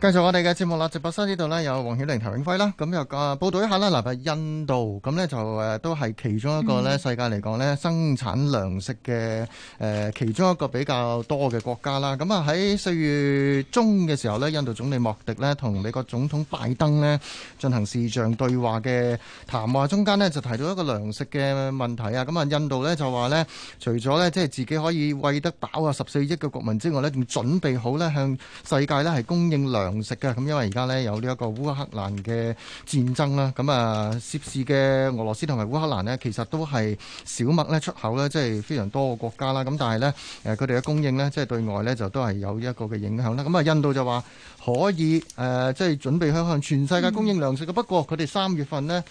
繼續我哋嘅節目啦，直播室呢度咧有黃曉玲、譚永輝啦，咁又啊報道一下啦。嗱，印度咁咧就誒都係其中一個咧世界嚟講咧生產糧食嘅誒其中一個比較多嘅國家啦。咁啊喺四月中嘅時候咧，印度總理莫迪咧同美國總統拜登咧進行視像對話嘅談話，中間咧就提到一個糧食嘅問題啊。咁啊，印度咧就話咧除咗咧即係自己可以餵得飽啊十四億嘅國民之外咧，仲準備好咧向世界咧係供應糧。糧食嘅咁，因為而家呢，有呢一個烏克蘭嘅戰爭啦，咁啊涉事嘅俄羅斯同埋烏克蘭呢，其實都係小麥咧出口咧，即係非常多個國家啦。咁但係呢，誒佢哋嘅供應呢，即係對外呢，就都係有一個嘅影響啦。咁啊，印度就話可以誒、呃，即係準備向全世界供應糧食嘅。嗯、不過佢哋三月份呢。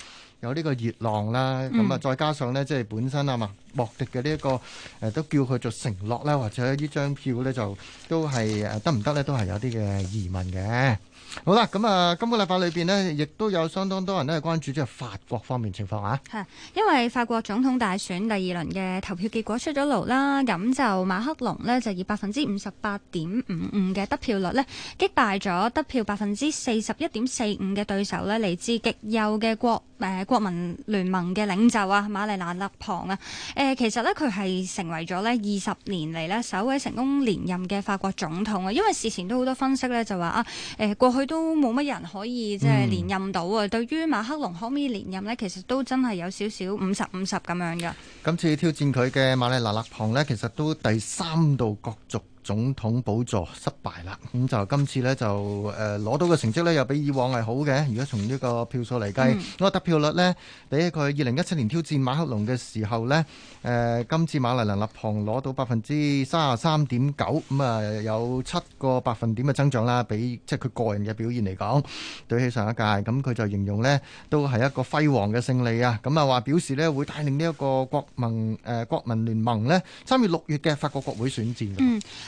有呢個熱浪啦，咁啊再加上咧，即係本身啊嘛，莫迪嘅呢一個誒、呃，都叫佢做承諾啦，或者呢張票咧，就都係誒得唔得咧，都係有啲嘅疑問嘅。好啦，咁、嗯、啊，今個禮拜裏邊呢，亦都有相當多人呢，係關注即係法國方面情況啊。係，因為法國總統大選第二輪嘅投票結果出咗爐啦，咁就馬克龍呢，就以百分之五十八點五五嘅得票率呢，擊敗咗得票百分之四十一點四五嘅對手呢，嚟自極右嘅國誒、呃、國民聯盟嘅領袖啊，馬麗娜勒龐啊，誒、呃，其實呢，佢係成為咗呢二十年嚟呢，首位成功連任嘅法國總統啊，因為事前都好多分析呢，就話啊，誒、呃、過去。都冇乜人可以即係連任到啊！嗯，對於馬克龍可唔可以連任咧，其實都真係有少少五十五十咁樣嘅。今次挑戰佢嘅馬麗娜勒旁咧，其實都第三度角逐。總統補助失敗啦，咁就今次咧就誒攞到嘅成績咧又比以往係好嘅。如果從呢個票數嚟計，嗰個得票率咧比起佢二零一七年挑戰馬克龍嘅時候咧，誒今次馬琳勒龐攞到百分之三十三點九，咁啊有七個百分點嘅增長啦，比即係佢個人嘅表現嚟講對起上一屆，咁佢就形容咧都係一個輝煌嘅勝利啊！咁啊話表示咧會帶領呢一個國民誒國民聯盟咧，參與六月嘅法國國會選戰。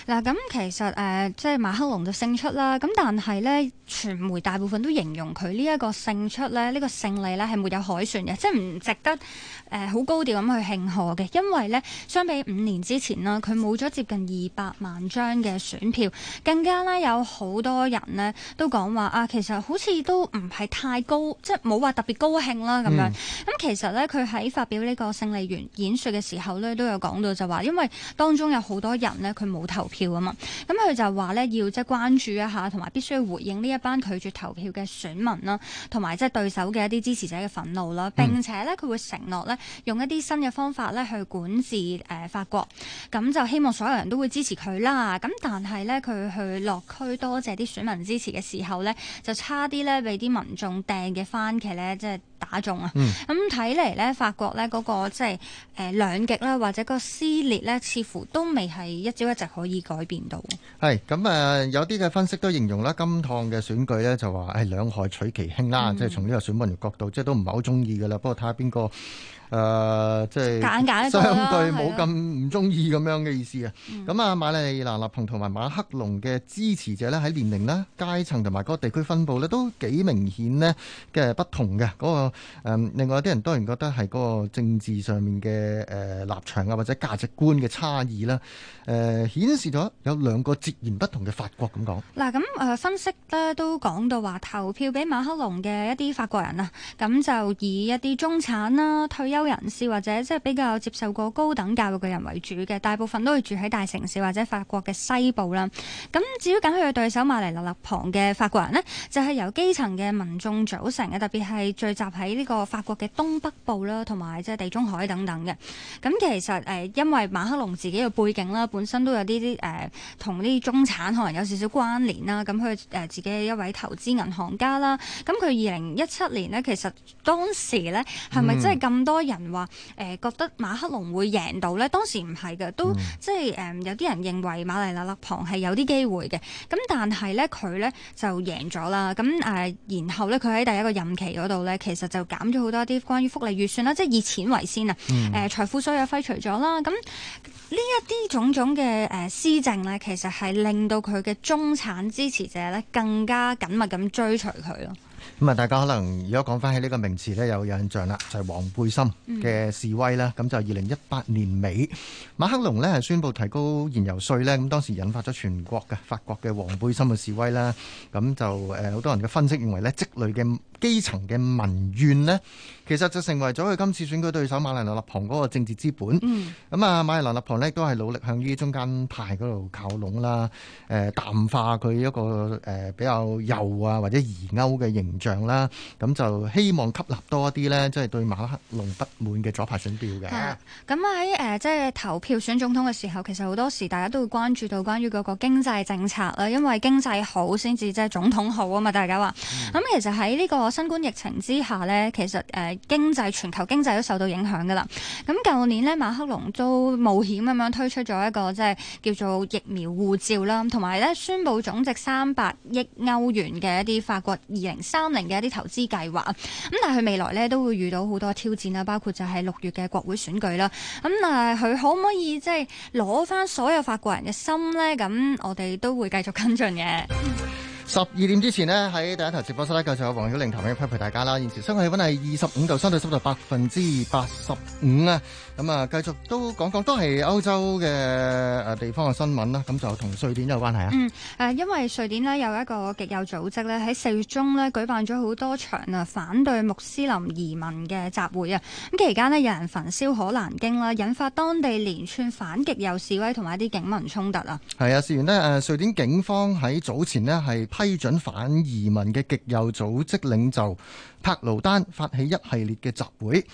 嗱咁其實誒即係馬克龍就勝出啦。咁但係咧，傳媒大部分都形容佢呢一個勝出咧，呢、呢個勝利咧係沒有海選嘅，即係唔值得誒好高調咁去慶賀嘅。因為咧，相比五年之前啦，佢冇咗接近二百萬張嘅選票，更加咧有好多人咧都講話啊，其實好似都唔係太高，即係冇話特別高興啦咁樣，咁、嗯、其實咧，佢喺發表呢個勝利員演說嘅時候咧，都有講到就話因為當中有好多人咧，佢冇投票。票啊嘛，咁佢就話咧要即係關注一下，同埋必須要回應呢一班拒絕投票嘅選民啦，同埋即係對手嘅一啲支持者嘅憤怒啦。嗯、並且咧佢會承諾咧用一啲新嘅方法咧去管治誒法國，咁就希望所有人都會支持佢啦。咁但係咧佢去落區多謝啲選民支持嘅時候咧，就差啲咧俾啲民眾掟嘅番茄咧即係打中啊。咁睇嚟咧法國咧嗰個即係誒兩極啦，或者個撕裂咧，似乎都未係一朝一夕可以。改變到係咁啊！有啲嘅分析都形容啦，今趟嘅選舉咧就話係、哎、兩害取其輕啦，嗯、即係從呢個選民嘅角度，即係都唔係好中意噶啦。不過睇下邊個。誒、呃，即係相對冇咁唔中意咁樣嘅意思啊。咁啊、嗯，馬利娜、勒龐同埋馬克龍嘅支持者呢，喺年齡啦、階層同埋嗰個地區分佈呢，都幾明顯呢嘅不同嘅。嗰、那個、呃、另外啲人當然覺得係嗰個政治上面嘅誒、呃、立場啊，或者價值觀嘅差異啦。誒、呃，顯示咗有兩個截然不同嘅法國咁講。嗱，咁、呃、誒分析呢都講到話投票俾馬克龍嘅一啲法國人啊，咁就以一啲中產啦、啊、退休。人士或者即係比較接受過高等教育嘅人為主嘅，大部分都係住喺大城市或者法國嘅西部啦。咁至於緊佢嘅對手馬林勒龐嘅法國人咧，就係、是、由基層嘅民眾組成嘅，特別係聚集喺呢個法國嘅東北部啦，同埋即係地中海等等嘅。咁其實誒、呃，因為馬克龍自己嘅背景啦，本身都有啲啲誒，同、呃、啲中產可能有少少關聯啦。咁佢誒，自己係一位投資銀行家啦。咁佢二零一七年咧，其實當時咧，係咪真係咁多？人話誒、呃，覺得馬克龍會贏到咧，當時唔係嘅，都、嗯、即係誒、呃，有啲人認為瑪麗娜勒龐係有啲機會嘅。咁但係咧，佢咧就贏咗啦。咁誒、呃，然後咧，佢喺第一個任期嗰度咧，其實就減咗好多啲關於福利預算啦，即係以錢為先啊。誒、嗯，財、呃、富稅也揮除咗啦。咁呢一啲種種嘅誒施政咧，其實係令到佢嘅中產支持者咧，更加緊密咁追隨佢咯。咁啊！大家可能如果講翻起呢個名詞咧，有印象啦，就係黃背心嘅示威啦。咁就二零一八年尾，馬克龍呢係宣布提高燃油稅咧，咁當時引發咗全國嘅法國嘅黃背心嘅示威啦。咁就誒好多人嘅分析認為咧，積累嘅。基層嘅民怨呢，其實就成為咗佢今次選舉對手馬來蘭立旁嗰個政治資本。嗯。咁啊，馬來蘭立旁呢，都係努力向於中間派嗰度靠攏啦，誒、呃、淡化佢一個誒、呃、比較右啊或者疑歐嘅形象啦。咁、呃、就希望吸納多一啲呢，即係對馬克龍不滿嘅左派選票嘅。係。咁喺誒即係投票選總統嘅時候，其實好多時大家都會關注到關於嗰個經濟政策啦，因為經濟好先至即係總統好啊嘛，大家話。咁、嗯、其實喺呢、這個新冠疫情之下咧，其實誒、呃、經濟全球經濟都受到影響噶啦。咁舊年咧，馬克龍都冒險咁樣推出咗一個即係叫做疫苗護照啦，同埋咧宣布總值三百億歐元嘅一啲法國二零三零嘅一啲投資計劃。咁但係佢未來咧都會遇到好多挑戰啦，包括就係六月嘅國會選舉啦。咁但係佢可唔可以即係攞翻所有法國人嘅心咧？咁我哋都會繼續跟進嘅。 十二點之前呢，喺第一台直播室呢，繼續有黃曉玲同你一齊陪大家啦。現時室外氣溫係二十五度，相對濕度百分之八十五啊。咁啊，繼續都講講，都係歐洲嘅誒地方嘅新聞啦。咁就同瑞典有關係啊。嗯，誒，因為瑞典呢，有一個極右組織咧，喺四月中呢，舉辦咗好多場啊反對穆斯林移民嘅集會啊。咁期間呢，有人焚燒可蘭經啦，引發當地連串反極右示威同埋一啲警民衝突啊。係啊，事緣呢，誒，瑞典警方喺早前呢，係。批准反移民嘅極右組織領袖帕勞丹發起一系列嘅集會，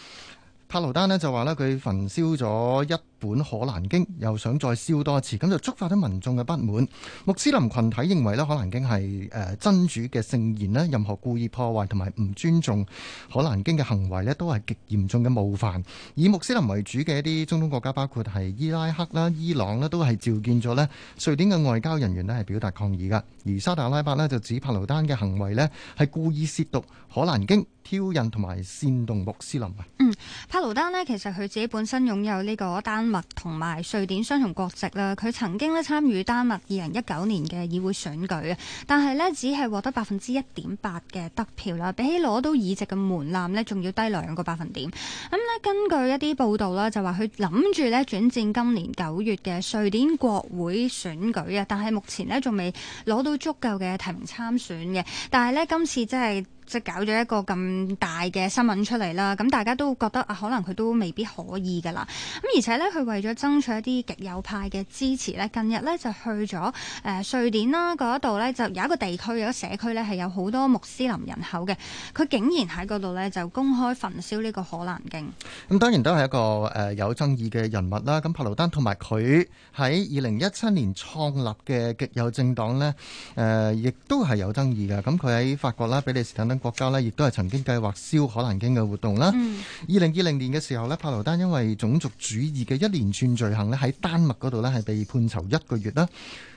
帕勞丹咧就話咧，佢焚燒咗一本可蘭經又想再燒多一次，咁就觸發咗民眾嘅不滿。穆斯林群體認為呢可蘭經係誒真主嘅聖言咧，任何故意破壞同埋唔尊重可蘭經嘅行為呢都係極嚴重嘅冒犯。以穆斯林為主嘅一啲中東國家，包括係伊拉克啦、伊朗啦，都係召見咗咧瑞典嘅外交人員呢係表達抗議噶。而沙特阿拉伯呢，就指帕盧丹嘅行為呢係故意褻瀆可蘭經、挑釁同埋煽動穆斯林。嗯，帕盧丹呢，其實佢自己本身擁有呢個單。同埋瑞典雙重國籍啦，佢曾經咧參與丹麥二零一九年嘅議會選舉，但係咧只係獲得百分之一點八嘅得票啦，比起攞到議席嘅門檻咧，仲要低兩個百分點。咁、嗯、咧根據一啲報道啦，就話佢諗住咧轉戰今年九月嘅瑞典國會選舉啊，但係目前咧仲未攞到足夠嘅提名參選嘅，但係咧今次真係。即搞咗一個咁大嘅新聞出嚟啦，咁大家都覺得啊，可能佢都未必可以噶啦。咁而且咧，佢為咗爭取一啲極右派嘅支持咧，近日咧就去咗誒瑞典啦嗰度咧，就有一個地區有個社區咧係有好多穆斯林人口嘅，佢竟然喺嗰度咧就公開焚燒呢個可蘭經。咁當然都係一個誒有爭議嘅人物啦。咁帕魯丹同埋佢喺二零一七年創立嘅極右政黨咧，誒、呃、亦都係有爭議嘅。咁佢喺法國啦、比利時國家呢亦都係曾經計劃燒可蘭經嘅活動啦。二零二零年嘅時候呢，帕勞丹因為種族主義嘅一連串罪行呢，喺丹麥嗰度呢係被判囚一個月啦。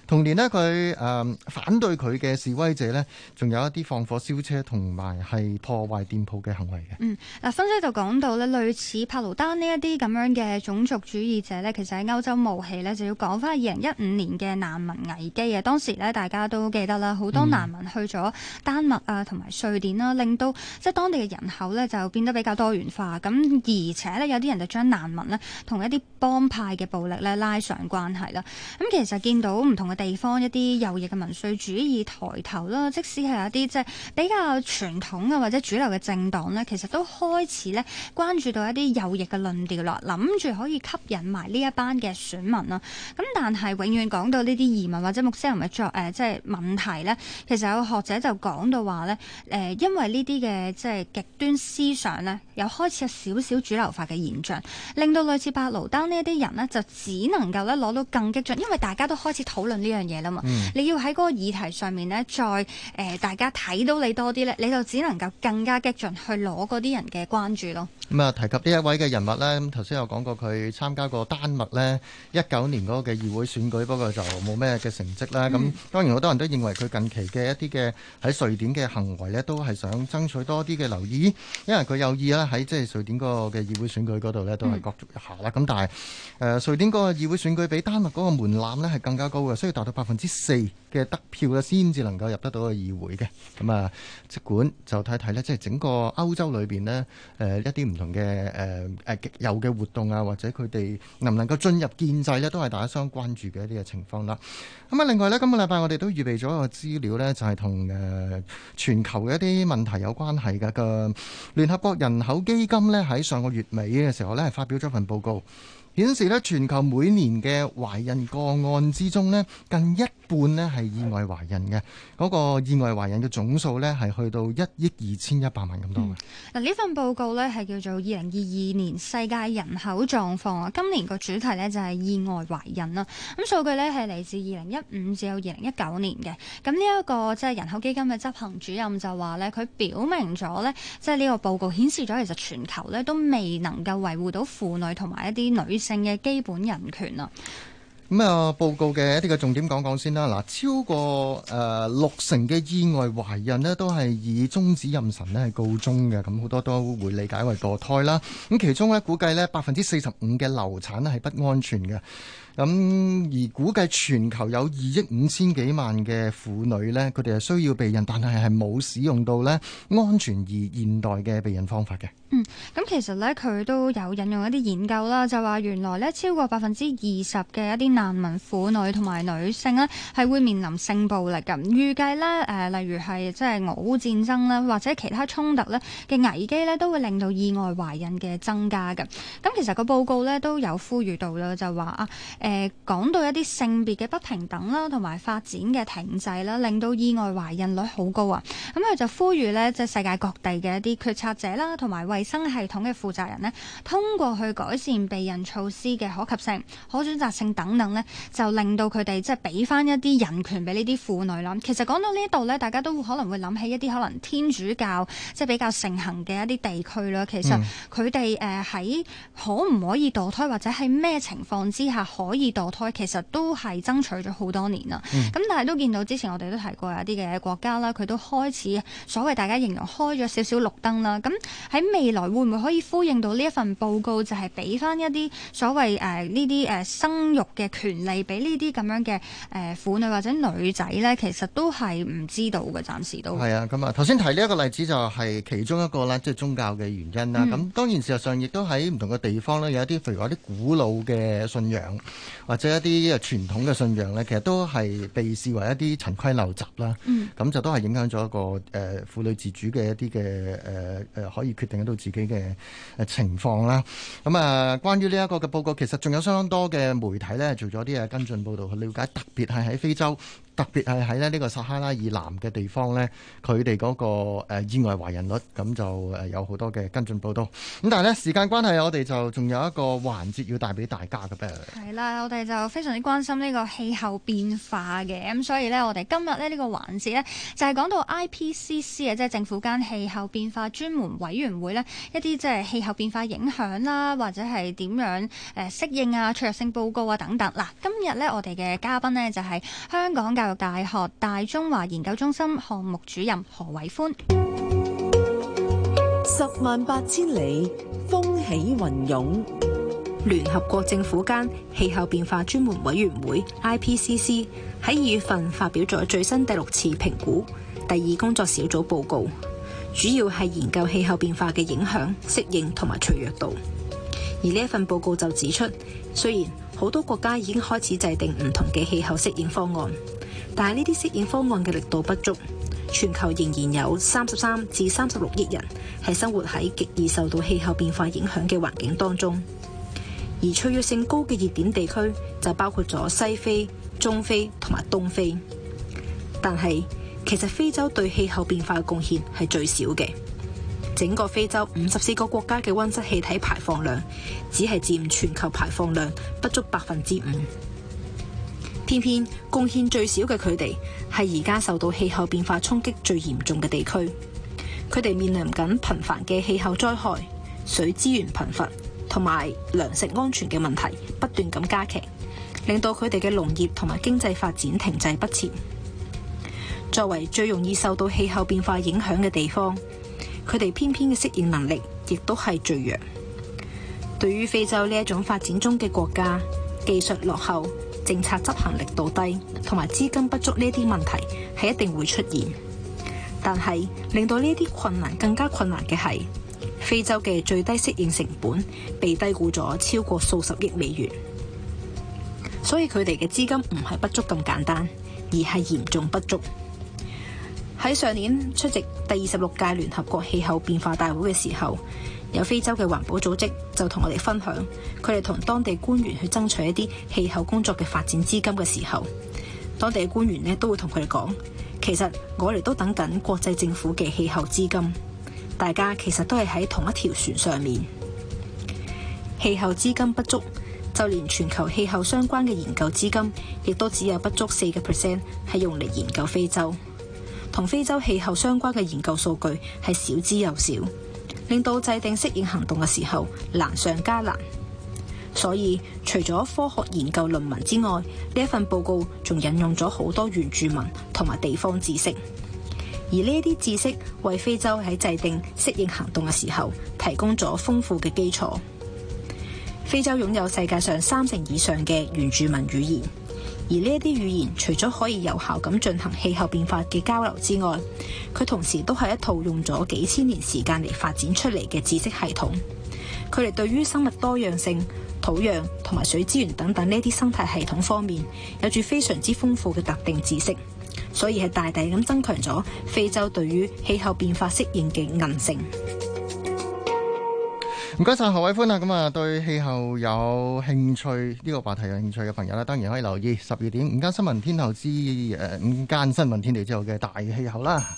同年呢，佢、呃、誒反對佢嘅示威者呢，仲有一啲放火燒車同埋係破壞店鋪嘅行為嘅。嗯，嗱、啊、分析就講到呢類似帕勞丹呢一啲咁樣嘅種族主義者呢，其實喺歐洲冒起呢就要講翻二零一五年嘅難民危機啊。當時呢，大家都記得啦，好多難民去咗丹麥啊，同埋瑞典啦，嗯、令到即係當地嘅人口呢就變得比較多元化。咁而且呢，有啲人就將難民呢同一啲幫派嘅暴力呢拉上關係啦。咁其實見到唔同嘅地方一啲右翼嘅民粹主義抬頭啦，即使係一啲即係比較傳統嘅或者主流嘅政黨咧，其實都開始咧關注到一啲右翼嘅論調啦，諗住可以吸引埋呢一班嘅選民啦，咁但係永遠講到呢啲移民或者穆斯林嘅作誒、呃、即係問題咧，其實有個學者就講到話咧誒因為呢啲嘅即係極端思想咧，又開始有少少主流化嘅現象，令到類似白盧丹呢一啲人咧，就只能夠咧攞到更激進，因為大家都開始討論。呢樣嘢啦嘛，嗯、你要喺嗰個議題上面呢，再、呃、誒大家睇到你多啲呢，你就只能夠更加激進去攞嗰啲人嘅關注咯。咁啊、嗯，提及呢一位嘅人物呢，咁頭先有講過佢參加過丹麥呢一九年嗰個嘅議會選舉，不過就冇咩嘅成績啦。咁、嗯、當然好多人都認為佢近期嘅一啲嘅喺瑞典嘅行為呢，都係想爭取多啲嘅留意，因為佢有意咧喺即係瑞典個嘅議會選舉嗰度呢，都係角逐一下啦。咁、嗯、但係誒、呃、瑞典個議會選舉比丹麥嗰個門檻呢，係更加高嘅，所以。達到百分之四嘅得票啊，先至能夠入得到個議會嘅。咁啊，即管就睇睇呢，即係整個歐洲裏邊呢，誒一啲唔同嘅誒誒極右嘅活動啊，或者佢哋能唔能夠進入建制呢，都係大家相關注嘅一啲嘅情況啦。咁啊，另外呢，今個禮拜我哋都預備咗一個資料呢，就係同誒全球嘅一啲問題有關係嘅個聯合國人口基金呢，喺上個月尾嘅時候呢，發表咗份報告。顯示咧，全球每年嘅懷孕個案之中呢，近一半呢係意外懷孕嘅。嗰個意外懷孕嘅總數呢，係去到一億二千一百萬咁多嘅。嗱，呢份報告呢，係叫做《二零二二年世界人口狀況》啊，今年個主題呢，就係意外懷孕啦。咁數據呢，係嚟自二零一五至到二零一九年嘅。咁呢一個即係人口基金嘅執行主任就話呢，佢表明咗呢，即係呢個報告顯示咗，其實全球呢都未能夠維護到婦女同埋一啲女性嘅基本人權啊，咁啊，報告嘅一啲嘅重點講講先啦。嗱，超過誒六成嘅意外懷孕咧，都係以終止妊娠咧係告終嘅。咁好多都會理解為墮胎啦。咁其中咧，估計咧百分之四十五嘅流產咧係不安全嘅。咁而估計全球有二億五千幾萬嘅婦女咧，佢哋係需要避孕，但係係冇使用到咧安全而現代嘅避孕方法嘅。嗯，咁其實咧佢都有引用一啲研究啦，就話原來咧超過百分之二十嘅一啲難民婦女同埋女性咧係會面臨性暴力嘅。預計咧誒例如係即係俄烏戰爭啦，或者其他衝突咧嘅危機咧，都會令到意外懷孕嘅增加嘅。咁其實個報告咧都有呼籲到啦，就話啊誒講到一啲性別嘅不平等啦，同埋發展嘅停滯啦，令到意外懷孕率好高啊。咁佢就呼籲咧，即係世界各地嘅一啲決策者啦，同埋為衛生系統嘅負責人呢，通過去改善避孕措施嘅可及性、可選擇性等等呢，就令到佢哋即係俾翻一啲人權俾呢啲婦女啦。其實講到呢度呢，大家都可能會諗起一啲可能天主教即係比較盛行嘅一啲地區啦。其實佢哋誒喺可唔可以墮胎，或者喺咩情況之下可以墮胎，其實都係爭取咗好多年啦。咁、嗯、但係都見到，之前我哋都提過有啲嘅國家啦，佢都開始所謂大家形容開咗少少綠燈啦。咁喺未。未來會唔會可以呼應到呢一份報告？就係俾翻一啲所謂誒呢啲誒生育嘅權利俾呢啲咁樣嘅誒、呃、婦女或者女仔咧，其實都係唔知道嘅。暫時都係啊，咁啊頭先提呢一個例子就係其中一個啦，即、就、係、係、宗教嘅原因啦。咁、嗯、當然事實上亦都喺唔同嘅地方咧，有一啲譬如話啲古老嘅信仰或者一啲誒傳統嘅信仰咧，其實都係被視為一啲陳規陋習啦。咁、嗯、就都係影響咗一個誒、呃、婦女自主嘅一啲嘅誒誒可以決定到。自己嘅誒情況啦，咁啊，關於呢一個嘅報告，其實仲有相當多嘅媒體咧，做咗啲啊跟進報道去了解，特別係喺非洲。特別係喺呢個撒哈拉以南嘅地方呢，佢哋嗰個呃、意外懷孕率，咁就誒有好多嘅跟進報道。咁、嗯、但係呢時間關係，我哋就仲有一個環節要帶俾大家嘅。係啦，我哋就非常之關心呢個氣候變化嘅，咁所以呢，我哋今日咧呢個環節呢，就係、是、講到 IPCC 嘅，即係政府間氣候變化專門委員會呢一啲即係氣候變化影響啦，或者係點樣誒適應啊、脆弱性報告啊等等。嗱，今日呢，我哋嘅嘉賓呢，就係、是、香港教大學大中華研究中心項目主任何偉歡，十萬八千里，風起雲湧。聯合國政府間氣候變化專門委員會 IPCC 喺二月份發表咗最新第六次評估第二工作小組報告，主要係研究氣候變化嘅影響、適應同埋脆弱度。而呢一份報告就指出，雖然好多國家已經開始制定唔同嘅氣候適應方案。但係呢啲適應方案嘅力度不足，全球仍然有三十三至三十六億人係生活喺極易受到氣候變化影響嘅環境當中，而脆弱性高嘅熱點地區就包括咗西非、中非同埋東非。但係其實非洲對氣候變化嘅貢獻係最少嘅，整個非洲五十四個國家嘅溫室氣體排放量只係佔全球排放量不足百分之五。偏偏貢獻最少嘅佢哋，係而家受到氣候變化衝擊最嚴重嘅地區。佢哋面臨緊頻繁嘅氣候災害、水資源貧乏同埋糧食安全嘅問題，不斷咁加劇，令到佢哋嘅農業同埋經濟發展停滯不前。作為最容易受到氣候變化影響嘅地方，佢哋偏偏嘅適應能力亦都係最弱。對於非洲呢一種發展中嘅國家，技術落後。政策執行力度低同埋資金不足呢啲問題係一定會出現，但係令到呢啲困難更加困難嘅係非洲嘅最低適應成本被低估咗超過數十億美元，所以佢哋嘅資金唔係不足咁簡單，而係嚴重不足。喺上年出席第二十六屆聯合國氣候變化大會嘅時候，有非洲嘅環保組織就同我哋分享，佢哋同當地官員去爭取一啲氣候工作嘅發展資金嘅時候，當地嘅官員呢都會同佢哋講，其實我哋都等緊國際政府嘅氣候資金，大家其實都係喺同一條船上面。氣候資金不足，就連全球氣候相關嘅研究資金，亦都只有不足四個 percent 係用嚟研究非洲。同非洲氣候相關嘅研究數據係少之又少，令到制定適應行動嘅時候難上加難。所以，除咗科學研究論文之外，呢一份報告仲引用咗好多原住民同埋地方知識，而呢一啲知識為非洲喺制定適應行動嘅時候提供咗豐富嘅基礎。非洲擁有世界上三成以上嘅原住民語言。而呢一啲語言，除咗可以有效咁進行氣候變化嘅交流之外，佢同時都係一套用咗幾千年時間嚟發展出嚟嘅知識系統。佢哋對於生物多樣性、土壤同埋水資源等等呢啲生態系統方面，有住非常之豐富嘅特定知識，所以係大大咁增強咗非洲對於氣候變化適應嘅韌性。唔該晒何偉歡啊！咁啊，對氣候有興趣呢，這個話題有興趣嘅朋友咧，當然可以留意十二點五間新聞天后之五間新聞天地之後嘅大氣候啦。